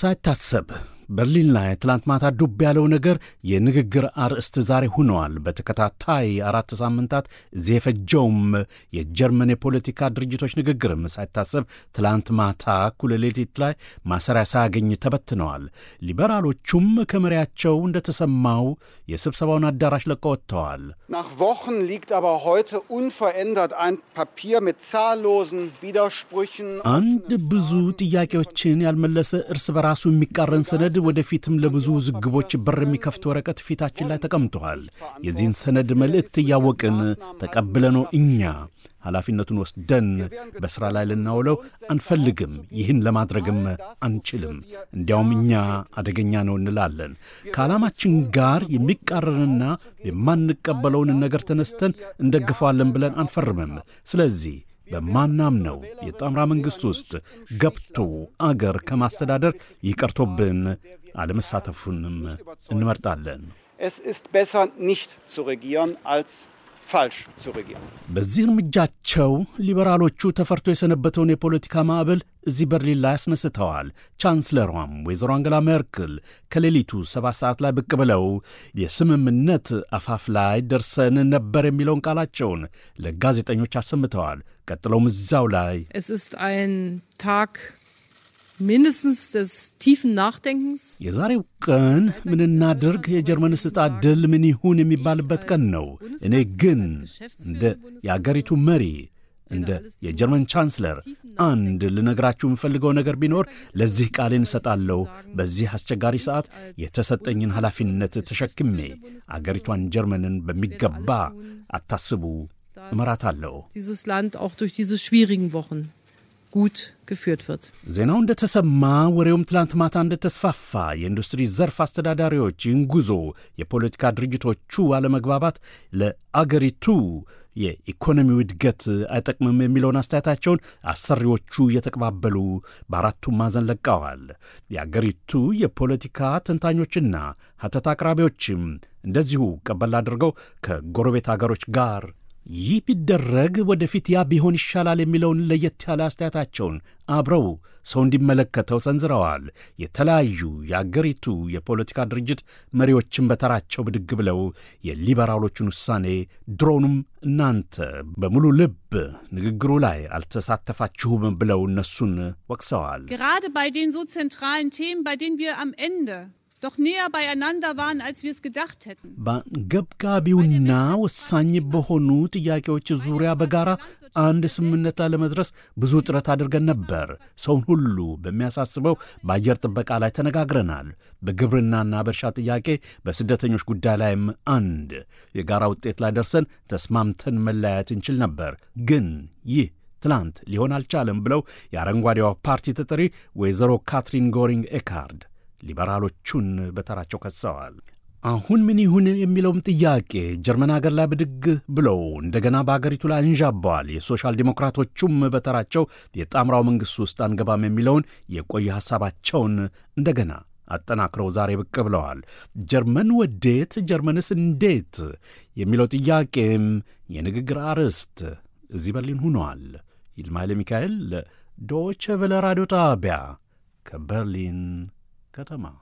ሳይታሰብ በርሊን ላይ ትላንት ማታ ዱብ ያለው ነገር የንግግር አርዕስት ዛሬ ሆነዋል። በተከታታይ አራት ሳምንታት እዚህ የፈጀውም የጀርመን የፖለቲካ ድርጅቶች ንግግርም ሳይታሰብ ትላንት ማታ እኩለ ሌሊት ላይ ማሰሪያ ሳያገኝ ተበትነዋል። ሊበራሎቹም ከመሪያቸው እንደተሰማው የስብሰባውን አዳራሽ ለቀው ወጥተዋል። nach Wochen liegt aber heute unverändert ein Papier አንድ ብዙ ጥያቄዎችን ያልመለሰ እርስ በራሱ የሚቃረን ሰነድ ሰነድ ወደፊትም ለብዙ ውዝግቦች በር የሚከፍት ወረቀት ፊታችን ላይ ተቀምጧል። የዚህን ሰነድ መልእክት እያወቅን ተቀብለ ነው እኛ ኃላፊነቱን ወስደን በሥራ ላይ ልናውለው አንፈልግም። ይህን ለማድረግም አንችልም። እንዲያውም እኛ አደገኛ ነው እንላለን። ከዓላማችን ጋር የሚቃረንና የማንቀበለውን ነገር ተነስተን እንደግፈዋለን ብለን አንፈርምም። ስለዚህ በማናምነው የጣምራ መንግሥት ውስጥ ገብቶ አገር ከማስተዳደር ይቀርቶብን አለመሳተፉንም እንመርጣለን። Es ist besser, nicht zu regieren, als ፋልሽ zu regieren. በዚህ እርምጃቸው ሊበራሎቹ ተፈርቶ የሰነበተውን የፖለቲካ ማዕበል እዚህ በርሊን ላይ አስነስተዋል። ቻንስለሯም ወይዘሮ አንገላ ሜርክል ከሌሊቱ ሰባት ሰዓት ላይ ብቅ ብለው የስምምነት አፋፍ ላይ ደርሰን ነበር የሚለውን ቃላቸውን ለጋዜጠኞች አሰምተዋል። ቀጥለውም እዛው ላይ mindestens des tiefen የዛሬው ቀን ምን እናድርግ፣ የጀርመን ስጣ ድል ምን ይሁን የሚባልበት ቀን ነው። እኔ ግን እንደ የአገሪቱ መሪ እንደ የጀርመን ቻንስለር አንድ ልነግራችሁ የምፈልገው ነገር ቢኖር ለዚህ ቃሌን እሰጣለሁ። በዚህ አስቸጋሪ ሰዓት የተሰጠኝን ኃላፊነት ተሸክሜ አገሪቷን ጀርመንን በሚገባ አታስቡ እመራታለሁ። gut geführt wird። ዜናው እንደተሰማ ወሬውም ትላንት ማታ እንደተስፋፋ የኢንዱስትሪ ዘርፍ አስተዳዳሪዎች ይህን ጉዞ የፖለቲካ ድርጅቶቹ አለመግባባት ለአገሪቱ የኢኮኖሚው እድገት አይጠቅምም የሚለውን አስተያየታቸውን አሰሪዎቹ እየተቀባበሉ በአራቱም ማዕዘን ለቀዋል። የአገሪቱ የፖለቲካ ተንታኞችና ሀተት አቅራቢዎችም እንደዚሁ ቀበል አድርገው ከጎረቤት አገሮች ጋር ይህ ቢደረግ ወደፊት ያ ቢሆን ይሻላል የሚለውን ለየት ያለ አስተያየታቸውን አብረው ሰው እንዲመለከተው ሰንዝረዋል። የተለያዩ የአገሪቱ የፖለቲካ ድርጅት መሪዎችን በተራቸው ብድግ ብለው የሊበራሎቹን ውሳኔ ድሮኑም እናንተ በሙሉ ልብ ንግግሩ ላይ አልተሳተፋችሁም ብለው እነሱን ወቅሰዋል። በገብጋቢውና ወሳኝ በሆኑ ጥያቄዎች ዙሪያ በጋራ አንድ ስምምነት ለመድረስ ብዙ ጥረት አድርገን ነበር። ሰውን ሁሉ በሚያሳስበው በአየር ጥበቃ ላይ ተነጋግረናል። በግብርናና በእርሻ ጥያቄ፣ በስደተኞች ጉዳይ ላይም አንድ የጋራ ውጤት ላይ ደርሰን ተስማምተን መለያየት እንችል ነበር። ግን ይህ ትላንት ሊሆን አልቻለም ብለው የአረንጓዴዋ ፓርቲ ተጠሪ ወይዘሮ ካትሪን ጎሪንግ ኤካርድ ሊበራሎቹን በተራቸው ከሰዋል። አሁን ምን ይሁን የሚለውም ጥያቄ ጀርመን አገር ላይ ብድግ ብለው እንደገና በአገሪቱ ላይ አንዣበዋል። የሶሻል ዲሞክራቶቹም በተራቸው የጣምራው መንግሥት ውስጥ አንገባም የሚለውን የቆየ ሐሳባቸውን እንደገና አጠናክረው ዛሬ ብቅ ብለዋል። ጀርመን ወዴት ጀርመንስ እንዴት የሚለው ጥያቄም የንግግር አርዕስት እዚህ በርሊን ሆኗል። ይልማ ሚካኤል ዶቼ ቬለ ራዲዮ ጣቢያ ከበርሊን Katama.